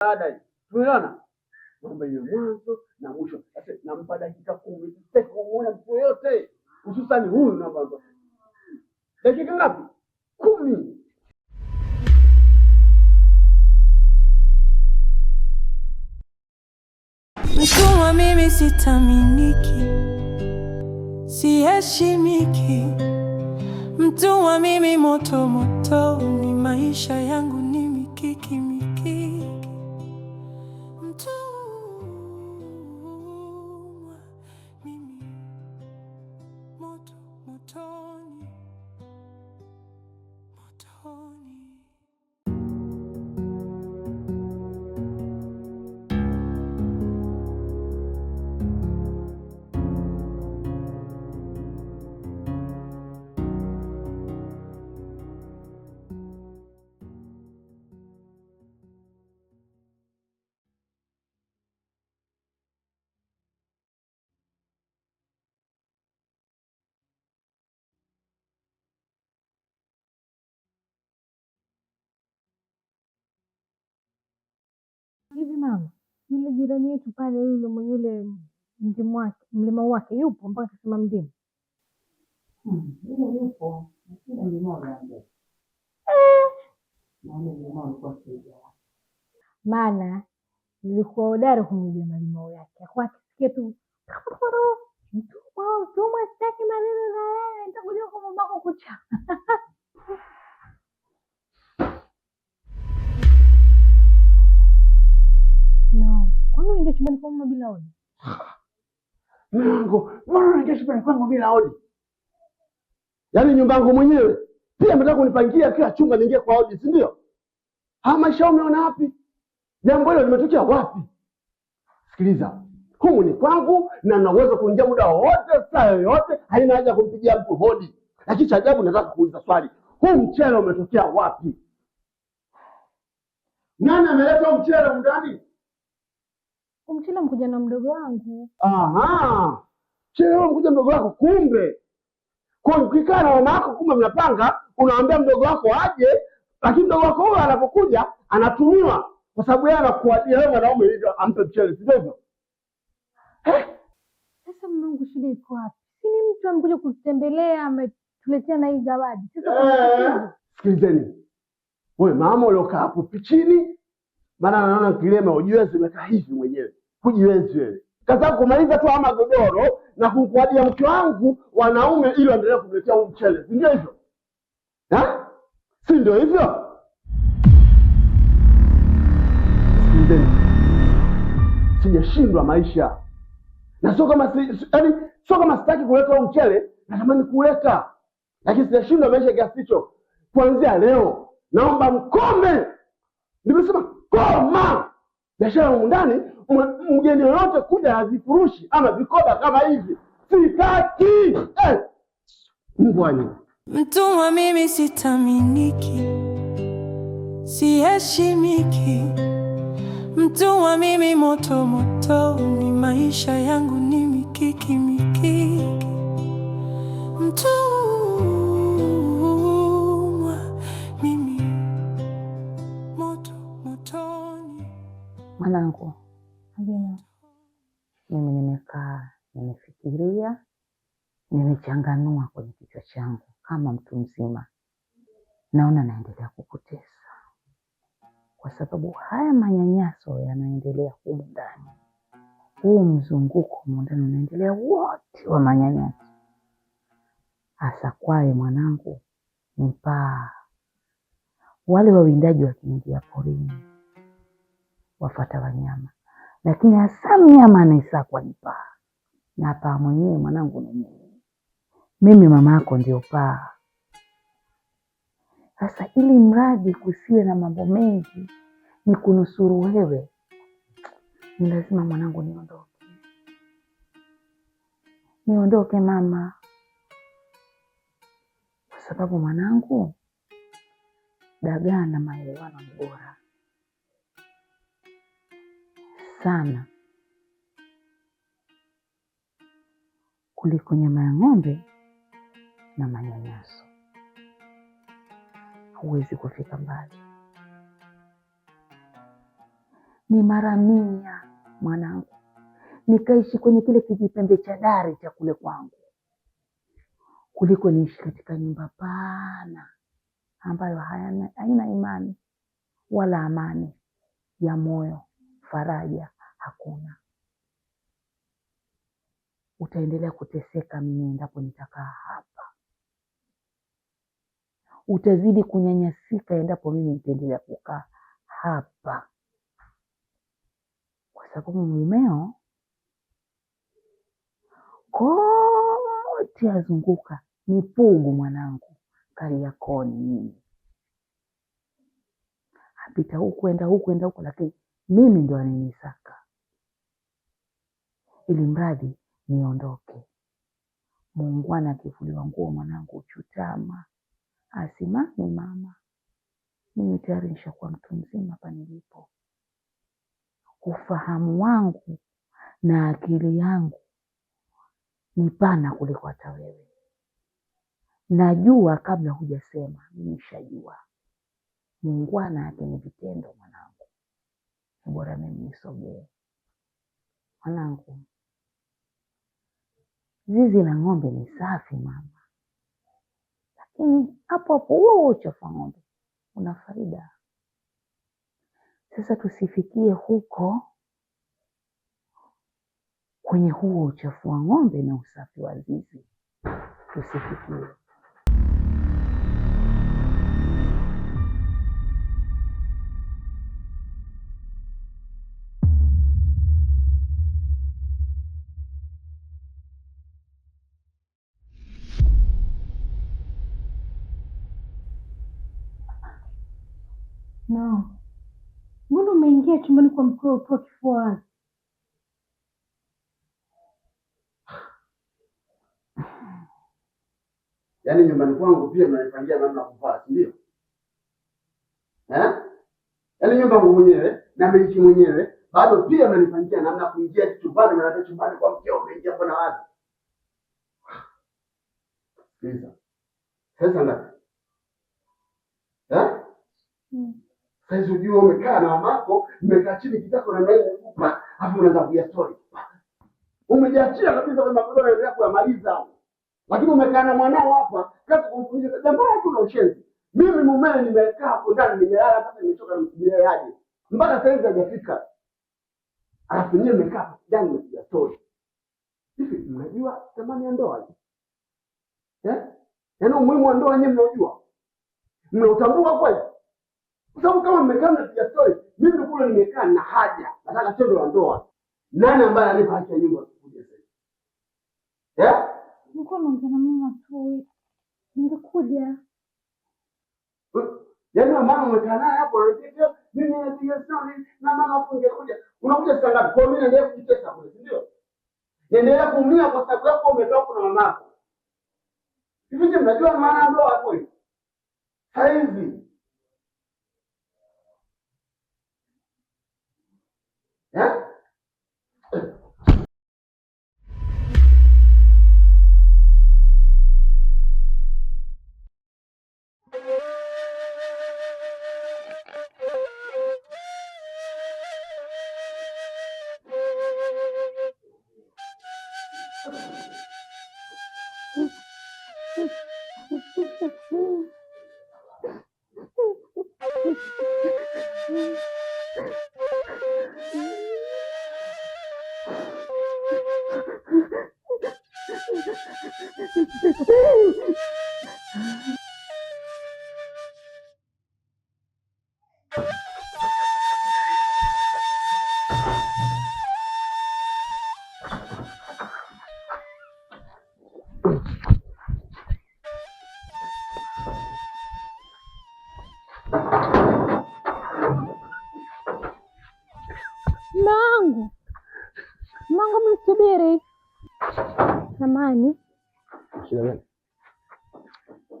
Baada tumeona mambo ya mwanzo na mwisho. Sasa nampa dakika 10 sitaki kumuona mtu yote, hususan huyu namba. Dakika ngapi? 10. Mtumwa mimi sitaminiki, siheshimiki. Mtumwa mimi moto moto, ni maisha yangu ni mikiki hivi mama, yule jirani yetu pale yule mwenye yule mdimu wake mlima wake yupo mpaka kasema mdimu hmm, eh. yaani maana nilikuwa hodari kumjia malimao yake akuwa tu mtumwa mtumwa sitaki maneno na wewe nitakuja kwa babako kucha kwangu bila odi mlango mbona unaingia shuleni kwangu bila odi? Yaani nyumba yangu mwenyewe pia mnataka kunipangia kila chumba niingie kwa odi, si ndio? Ha, maisha umeona wapi? Jambo hilo limetokea wapi? Sikiliza, humu ni kwangu na nina uwezo kuingia muda wowote, saa yoyote, haina haja kumpigia mtu hodi. Lakini cha ajabu, nataka kuuliza swali, huu mchele umetokea wapi? Nani ameleta mchele ndani? Mchele mkuja na mdogo wangu. Aha. Chelewa mkuja mdogo wako kumbe. Kwa hiyo ukikaa na wanawako kumbe mnapanga, unaambia mdogo wako aje, lakini mdogo wako huyo anapokuja anatumiwa kwa sababu yeye anakuadia wewe mwanaume hivyo ampe mchele, si ndivyo? Sasa mwanangu shida iko wapi? Si ni mtu amekuja kutembelea ametuletea na hii zawadi. Sasa eh! sikilizeni. Wewe mama uliokaa hapo pichini maana naona kilema ujue zimekaa hivi mwenyewe kujienzi wewe, kumaliza tu ama godoro na kukuadia mke wangu wanaume ili waendelee kumletea huu mchele, si ndio hivyo? Si ndio hivyo? sijashindwa maisha na sio kama yaani, sio kama sitaki kuleta huu mchele, natamani kuleta, lakini sijashindwa maisha kiasi hicho. Kuanzia leo naomba mkome, nimesema koma biashara humu ndani, mgeni yoyote kuja na vifurushi ama vikoba kama hivi sitaki. Eh, mbwani mtumwa mimi sitaminiki, siheshimiki, mtumwa mimi moto moto, ni maisha yangu ni mikiki Mwanangu, mimi nimekaa nimefikiria, nimechanganua kwenye kichwa changu kama mtu mzima, naona naendelea kukutesa kwa sababu haya manyanyaso yanaendelea humu ndani, huu mzunguko humu ndani unaendelea wote wa manyanyaso, hasa kwaye mwanangu, mpaa wale wawindaji wakiingia porini wafata wanyama, lakini hasa mnyama anaisakwa ni paa, na paa mwenyewe mwanangu ni mimi. Mimi mama yako ndio paa. Sasa ili mradi kusiwe na mambo mengi, ni kunusuru wewe, ni lazima mwanangu niondoke, niondoke mama, kwa sababu mwanangu, dagaa na maelewano ni bora sana kuliko nyama ya ng'ombe na manyanyaso. Huwezi kufika mbali. Ni mara mia mwanangu, nikaishi kwenye kile kijipembe cha dari cha kule kwangu kuliko niishi katika nyumba pana ambayo haina imani wala amani ya moyo faraja hakuna, utaendelea kuteseka. Mimi endapo nitakaa hapa, utazidi kunyanyasika endapo mimi nitaendelea kukaa hapa, kwa sababu mumeo kote azunguka ni pugu, mwanangu. Kariakoo ni mimi, apita huku enda huku enda huku, lakini mimi ndo anayenisaka, ili mradi niondoke. Muungwana akivuliwa nguo mwanangu uchutama, asimame mama. Mimi tayari nishakuwa mtu mzima hapa nilipo. Ufahamu wangu na akili yangu ni pana kuliko hata wewe. Najua kabla hujasema, mimi nishajua. Muungwana ake ni vitendo bora mimi nisogee. Mwanangu, zizi la ng'ombe ni safi mama, lakini hapo hapo huo huo uchafu wa ng'ombe una faida. Sasa tusifikie huko kwenye huo uchafu wa ng'ombe na usafi wa zizi, tusifikie. No, mbona umeingia chumbani kwa mkeo ukiwa kifua wazi? Yaani nyumbani kwangu pia mnanipangia namna kuvaa, si ndio? Eh? Yaani nyumba yangu mwenyewe namiliki mwenyewe, bado pia mnanipangia namna kuingia chumbani, mnataka chumbani kwa mkeo umeingia mbona wazi? Sasa sasa, eh? Hmm. Saizi ujue umekaa na wamako, umekaa chini kitako na mimi kupa, hapo unaanza kujastori. Umejiachia kabisa kwa magodoro yanaendelea kuyamaliza hapo. Lakini umekaa na mwanao hapa, kazi kumfundisha jambo lako na ushenzi. Mimi mumewe nimekaa hapo ndani nimelala mpaka nimechoka nimsubiria yaje. Mpaka sasa hivi hajafika. Alafu nyewe hapo ndani na kujastori. Hivi mnajua thamani ya ndoa? Eh? Yaani umuhimu wa ndoa nyinyi mnaujua? Mnautambua kweli? Kwa sababu kama mmekaa na piga story, mimi kule nimekaa na haja, nataka tendo la ndoa. Nani ambaye anipa haki ya nyumba kuja sasa? Eh? Nilikuwa naongea na mama tu. Ningekuja. Yaani mama umekaa naye hapo anataka mimi napiga story na mama hapo ungekuja. Unakuja saa ngapi? Kwa mimi naendelea kujitesa kule, si ndio? Naendelea kuumia kwa sababu yako umetoka kuna mamako. Hivi je, mnajua maana ndoa hapo hivi? Haivi. Né? Mangu, Mangu, msubiri samani. Shida gani?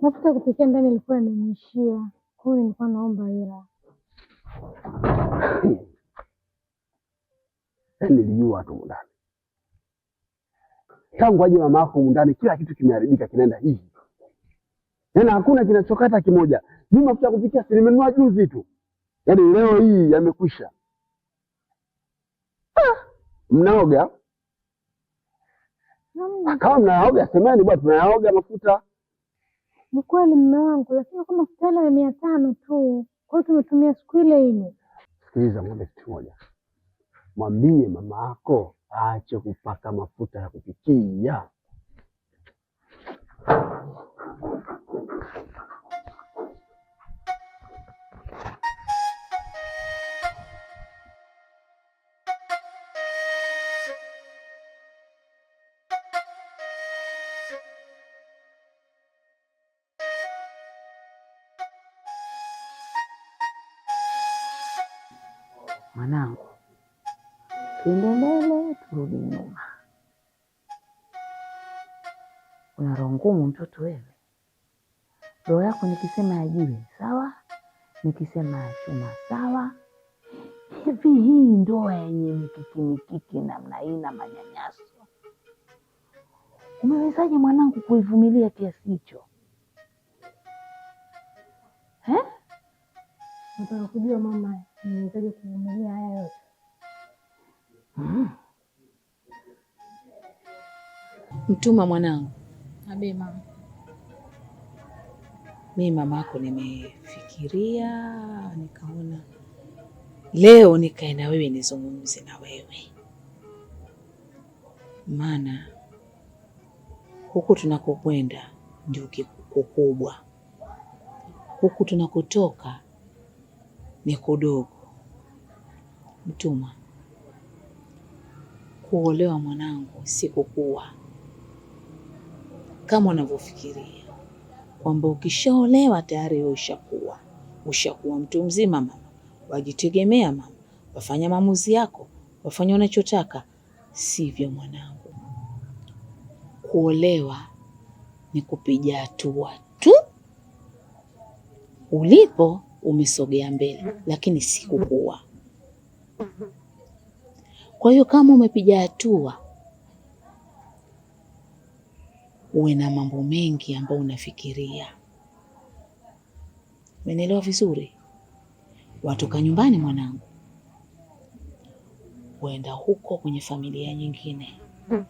Mafuta kupikia ndani ilikuwa imeniishia, kwa hiyo nilikuwa naomba hela. Yaani nilijua tu mundani, tangu aje mama yako mundani, kila kitu kimeharibika, kinaenda hivi Yaani hakuna kinachokata kimoja. Mimi mafuta ya kupikia si nimenunua juzi tu. Yaani leo hii yamekwisha. Ah, mnaoga? Kama mnaoga semeni bwana tunayaoga mafuta. Ni kweli mume wangu, lakini kama mafuta ya mia tano tu. Kwa hiyo tumetumia siku ile ile. Sikiliza mwambie kitu moja. Mwambie mama yako aache kupaka mafuta ya kupikia. mtoto wewe, roho yako nikisema ajiwe sawa, nikisema chuma sawa. Hivi hii ndoa yenye mikiki mikiki namna hii na manyanyaso, umewezaje mwanangu kuivumilia kiasi hicho? Nataka kujua mama, niwezaje kuvumilia haya yote? Hmm. Mtuma mwanangu. Abe mama mimi mamako nimefikiria, nikaona leo nikae na wewe nizungumze na wewe, maana huku tunakokwenda ndio kikubwa, huku tunakotoka ni kudogo. Mtuma, kuolewa mwanangu sikukuwa kama unavyofikiria kwamba ukishaolewa tayari wewe ushakuwa ushakuwa mtu mzima mama, wajitegemea mama, wafanya maamuzi yako, wafanya unachotaka. Sivyo mwanangu, kuolewa ni kupiga hatua tu, ulipo umesogea mbele, lakini si kukua. Kwa hiyo kama umepiga hatua uwe na mambo mengi ambayo unafikiria. Umenielewa vizuri? Watoka nyumbani mwanangu, uenda huko kwenye familia nyingine, hmm.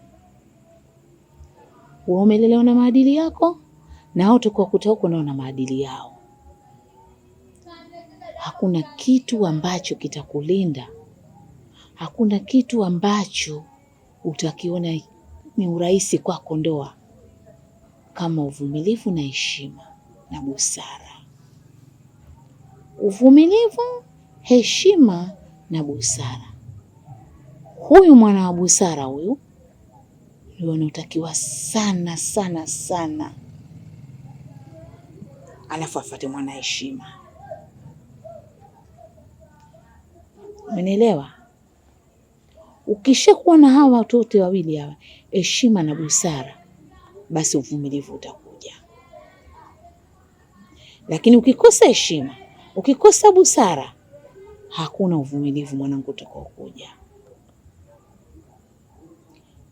wewe umelelewa na maadili yako, na hao tukakuta huko nao na maadili yao. Hakuna kitu ambacho kitakulinda, hakuna kitu ambacho utakiona ni urahisi kwako ndoa kama uvumilivu na heshima na busara. Uvumilivu, heshima na busara. Huyu mwana wa busara huyu ndio anaotakiwa sana sana sana, alafu afate mwana heshima. Umenielewa? Ukishakuwa na hawa watote wawili hawa, heshima na busara basi uvumilivu utakuja. Lakini ukikosa heshima, ukikosa busara, hakuna uvumilivu mwanangu utakaokuja.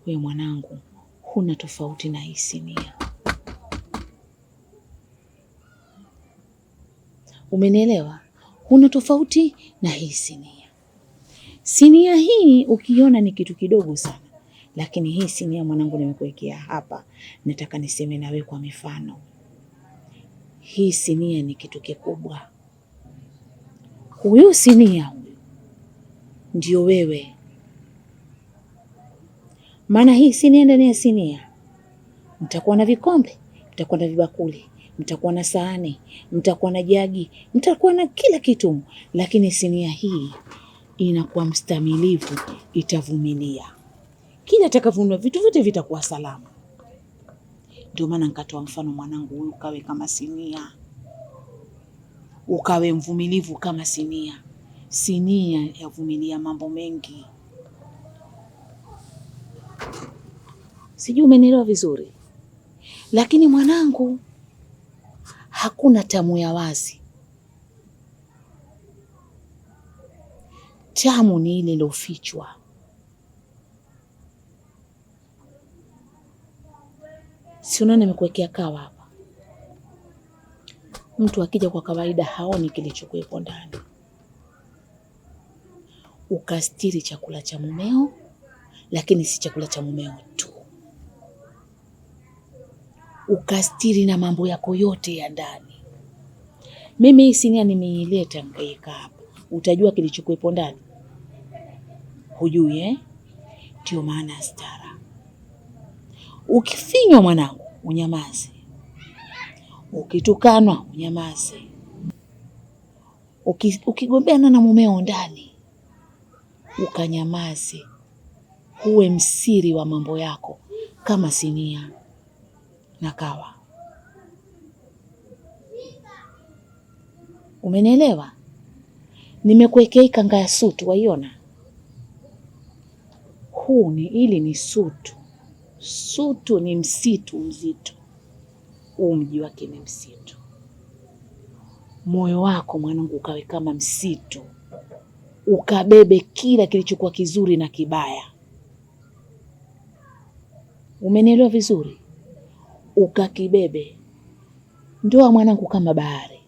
We mwanangu, huna tofauti na hii sinia. Umenielewa? Huna tofauti na hii sinia. Sinia hii ukiona ni kitu kidogo sana lakini hii simu ya mwanangu nimekuwekea hapa, nataka niseme nawe kwa mifano. Hii sinia ni kitu kikubwa. Huyu sinia huyu ndio wewe, maana hii sinia, ndani ya sinia mtakuwa na vikombe, mtakuwa na vibakuli, mtakuwa na sahani, mtakuwa na jagi, mtakuwa na kila kitu, lakini sinia hii inakuwa mstamilivu, itavumilia kila atakavunua vitu vyote vitakuwa salama. Ndio maana nikatoa mfano, mwanangu huyu ukawe kama Sinia, ukawe mvumilivu kama Sinia. Sinia yavumilia mambo mengi, sijui umenielewa vizuri. Lakini mwanangu, hakuna tamu ya wazi. Tamu ni ile iliyofichwa. Si unaona nimekuwekea kawa hapa. Mtu akija kwa kawaida haoni kilichokuwepo ndani. Ukastiri chakula cha mumeo, lakini si chakula cha mumeo tu, ukastiri na mambo yako yote ya ndani. Mimi hii sinia nimeileta nikaiweka hapa, utajua kilichokuwepo ndani. Hujui eh? Ndio maana star Ukifinywa mwanangu, unyamaze. Ukitukanwa unyamaze. Ukigombeana na mumeo ndani ukanyamaze, huwe msiri wa mambo yako kama sinia na kawa. Umenielewa? Nimekuwekea ikanga ya sutu, waiona? Huu ni ili ni sutu Sutu ni msitu mzito, huu mji wake ni msitu. Moyo wako mwanangu, ukawe kama msitu, ukabebe kila kilichokuwa kizuri na kibaya. Umenielewa vizuri? Ukakibebe. Ndoa mwanangu, kama bahari,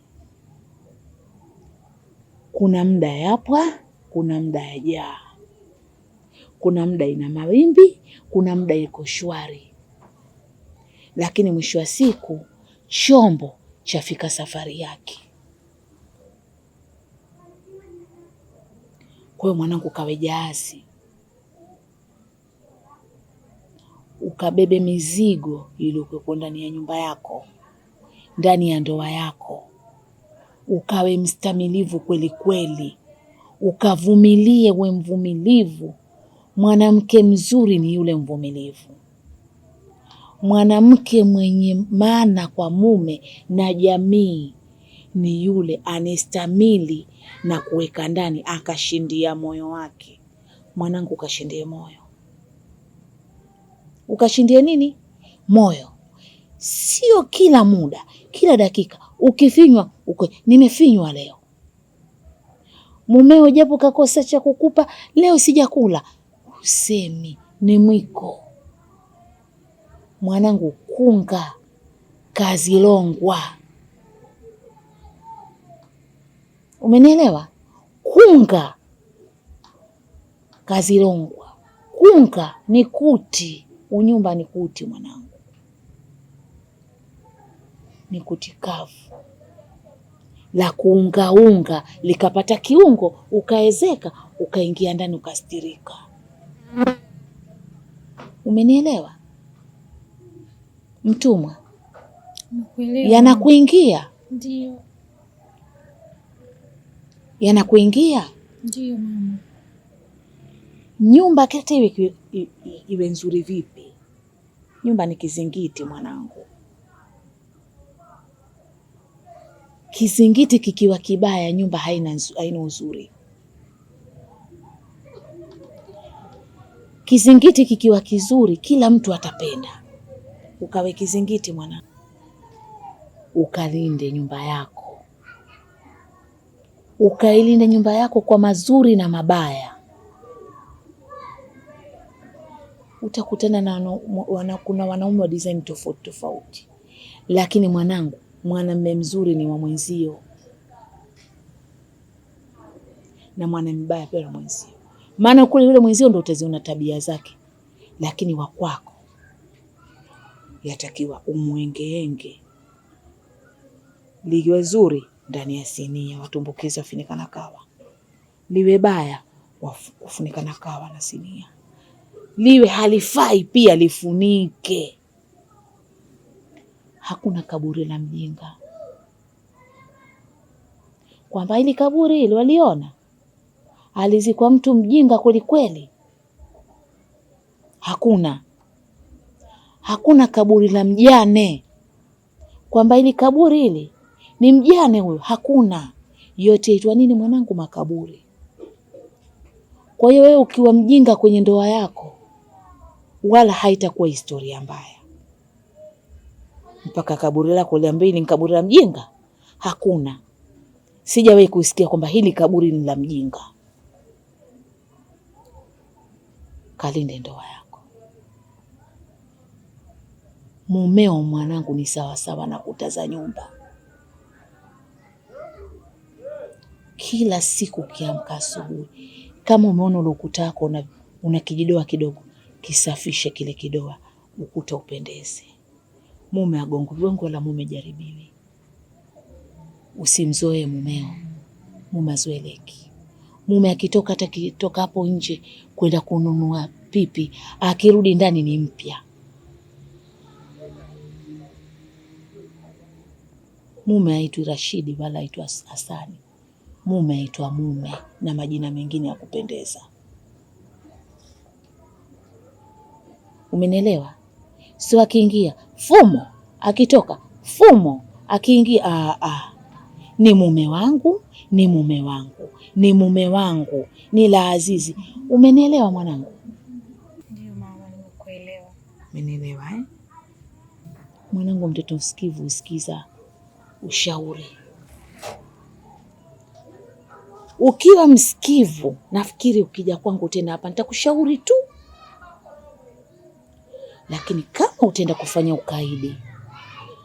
kuna muda yapwa, kuna muda yajaa. Kuna muda ina mawimbi, kuna muda iko shwari, lakini mwisho wa siku chombo chafika safari yake. Kwa hiyo mwanangu, kawe jahazi, ukabebe mizigo iliyokuwepo ndani ya nyumba yako, ndani ya ndoa yako, ukawe mstamilivu kweli kweli, ukavumilie, we mvumilivu Mwanamke mzuri ni yule mvumilivu, mwanamke mwenye maana kwa mume na jamii ni yule anestamili na kuweka ndani, akashindia moyo wake. Mwanangu, ukashindie moyo, ukashindie nini? Moyo. Sio kila muda, kila dakika ukifinywa uko nimefinywa leo, mumeo japo kakosa cha kukupa leo, sijakula Usemi ni mwiko mwanangu, kunga kazilongwa. Umenielewa? kunga kazilongwa, kunga ni kuti, unyumba ni kuti mwanangu, ni kuti kavu la kuungaunga likapata kiungo, ukaezeka, ukaingia ndani, ukastirika. Umenielewa? Mtumwa yanakuingia, ndio yanakuingia, ndio mama. Nyumba kete iwe, iwe nzuri vipi, nyumba ni kizingiti mwanangu. Kizingiti kikiwa kibaya, nyumba haina, haina uzuri. Kizingiti kikiwa kizuri, kila mtu atapenda. Ukawe kizingiti mwanangu, ukalinde nyumba yako, ukailinde nyumba yako kwa mazuri na mabaya. Utakutana na wana, wana, kuna wanaume wa design tofauti tofauti, lakini mwanangu, mwanamume mzuri ni wa mwenzio na mwana mbaya pia ni mwenzio maana kule yule mwenzio ndo utaziona tabia zake, lakini wakwako yatakiwa umwengeenge liwe zuri ndani ya sinia watumbukizi wafunikana kawa, liwe baya na kawa na sinia, liwe halifai pia lifunike. Hakuna kaburi la mjinga, kwamba hili kaburi hili waliona alizikwa mtu mjinga kweli kweli? Hakuna, hakuna kaburi la mjane, kwamba ili kaburi hili ni mjane huyo hakuna. Yote itwa nini mwanangu? Makaburi. Kwa hiyo wewe ukiwa mjinga kwenye ndoa yako, wala haitakuwa historia mbaya. Mpaka kaburi lako liambiwe ni kaburi la mjinga? Hakuna, sijawahi kusikia kwamba hili kaburi ni la mjinga. kalinde ndoa yako. Mumeo mwanangu ni sawasawa na kuta za nyumba. Kila siku ukiamka asubuhi, kama umeona ule ukuta wako una, una kijidoa kidogo, kisafishe kile kidoa, ukuta upendeze. Mume agongo gongo la mume jaribiwi. Usimzoee mumeo, mume azoeleki mume akitoka, hata kitoka hapo nje kwenda kununua pipi, akirudi ndani ni mpya. Mume aitwi Rashidi wala aitwa Hasani, mume aitwa mume na majina mengine ya kupendeza. Umenielewa? Sio akiingia fumo, akitoka fumo, akiingia ah, ah ni mume wangu, ni mume wangu, ni mume wangu, ni la Azizi. Umenielewa mwanangu? Ndio mama, nimekuelewa. Umenielewa eh? Mwanangu, mtoto msikivu usikiza ushauri. Ukiwa msikivu, nafikiri ukija kwangu tena hapa nitakushauri tu, lakini kama utaenda kufanya ukaidi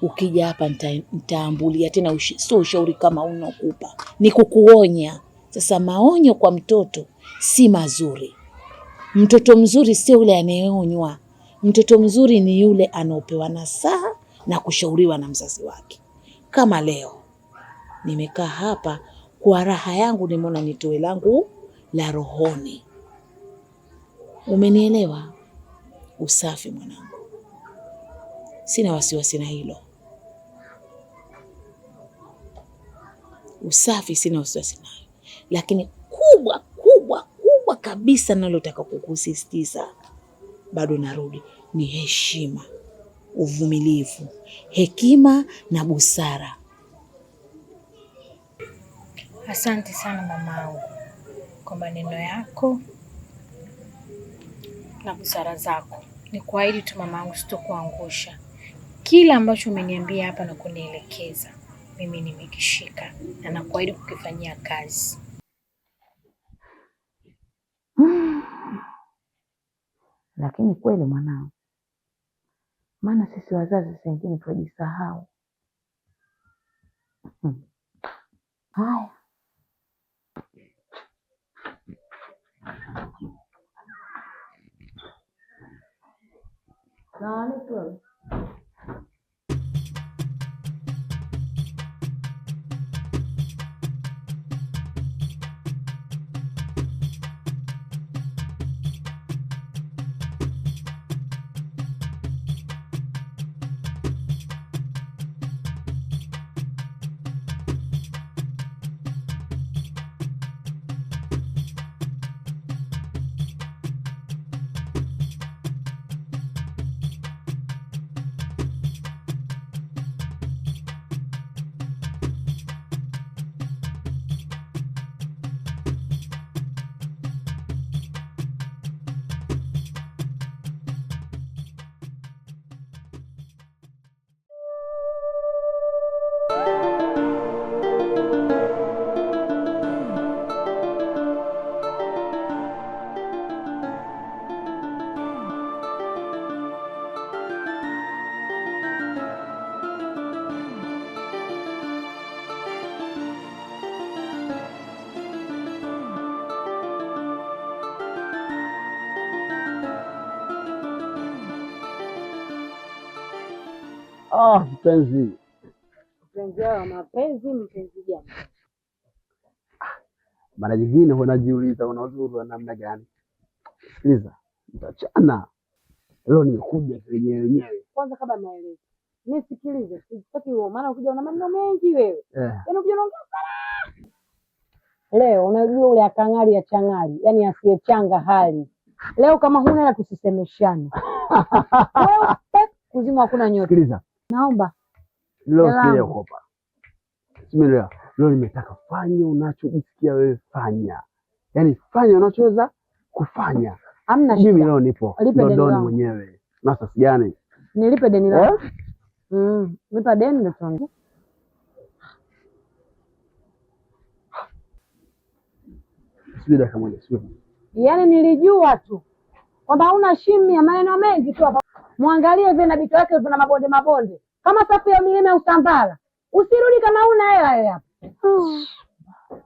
ukija hapa nitaambulia tena ushi, sio ushauri kama unokupa ni kukuonya. Sasa maonyo kwa mtoto si mazuri. Mtoto mzuri sio yule anayeonywa. Mtoto mzuri ni yule anaopewa nasaha na kushauriwa na mzazi wake. Kama leo nimekaa hapa kwa raha yangu, nimeona nitoe langu la rohoni. Umenielewa? Usafi mwanangu, sina wasiwasi na hilo. usafi sina wasiwasi nayo, lakini kubwa kubwa kubwa kabisa nalotaka kukusisitiza, bado narudi, ni heshima, uvumilivu, hekima na busara. Asante sana mamaangu kwa maneno yako na busara zako. Ni kuahidi tu mamaangu sitokuangusha. Kila ambacho umeniambia hapa na kunielekeza mimi nimekishika na nakuahidi kukifanyia kazi. Hmm. Lakini kweli mwanangu, maana sisi wazazi sengine tuwajisahau Hmm. Haya, salamu alaykum. mapenzi. Mapenzi wa mapenzi mpenzi gani? Ah, mara nyingine unajiuliza una uzuri wa namna gani? Sikiliza, mtachana leo, nimekuja wenyewe wenyewe. Kwanza kabla maelezo nisikilize, sitaki huo, maana ukija una maneno mengi wewe, eh. Yani ukija unaongea sana leo. Unajua ule akang'ali ya chang'ali, yaani asiyechanga hali leo. Kama huna la tusisemeshane, eh, kuzima hakuna nyota. Sikiliza Naomba leo kile ukopa. Simeelewa. Leo nimetaka fanya unachojisikia wewe fanya. Yaani fanya unachoweza kufanya. Hamna shida. Mimi leo nipo Dodoni mwenyewe. Na sasa gani? Nilipe deni lako. Eh? Mm, nipa deni ndio tuanze. Yaani nilijua tu kwamba una shimi ya maneno mengi tu hapa mwangalie vile na vitu yake vina mabonde mabonde kama safu ya milima ya Usambara. Usirudi kama una hela wewe hapa. Hmm.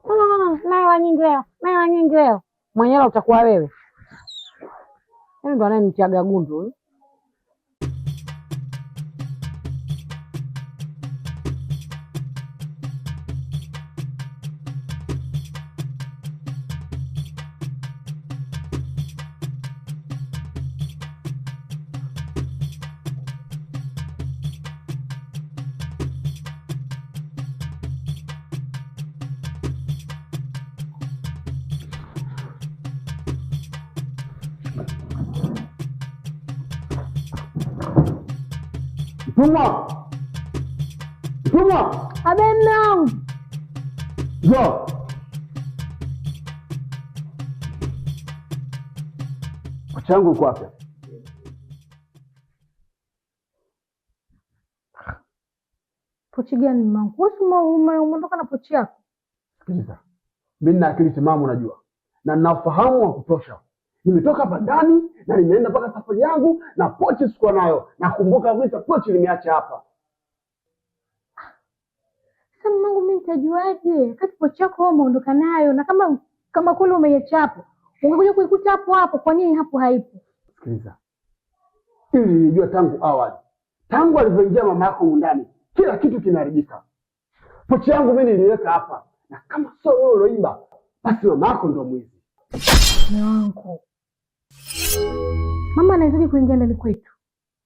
Hmm. Nawa nyingi leo, nawa nyingi leo. Mwenyewe utakuwa wewe. Mimi ndo anayemtiaga gundu huyu. Eh? Juma. Juma. Abe mmeangu. Yo. Macho yangu uko wapi? Pochi gani mmangu? Wewe umeondoka na pochi yako? Sikiliza. Mimi nina akili timamu unajua. Na ninafahamu wa kutosha nimetoka bandani na nimeenda mpaka safari yangu, na pochi sikuwa nayo. Nakumbuka kabisa pochi nimeacha hapa. Sasa mamangu, mimi nitajuaje kati pochi yako wewe umeondoka nayo, na kama kama kule umeiacha hapo, ungekuja kuikuta hapo hapo. Kwa nini hapo haipo? Sikiliza, ili nijua tangu awali, tangu alivyoingia mama yako ndani, kila kitu kinaharibika. Pochi yangu mimi niliweka hapa, na kama sio wewe ulioiba, basi mama yako ndio mwizi. Mwanangu Mama anahitaji kuingia ndani kwetu,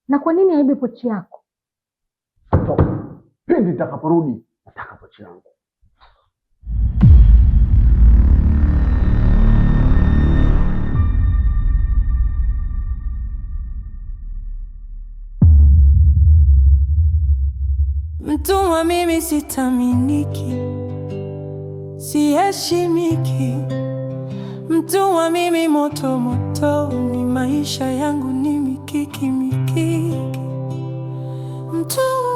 na kwa nini aibe pochi yako? Pindi nitakaporudi nataka pochi yangu. Mtumwa mimi sitaminiki, siheshimiki wa mimi moto ni maisha yangu ni mikiki mikiki wa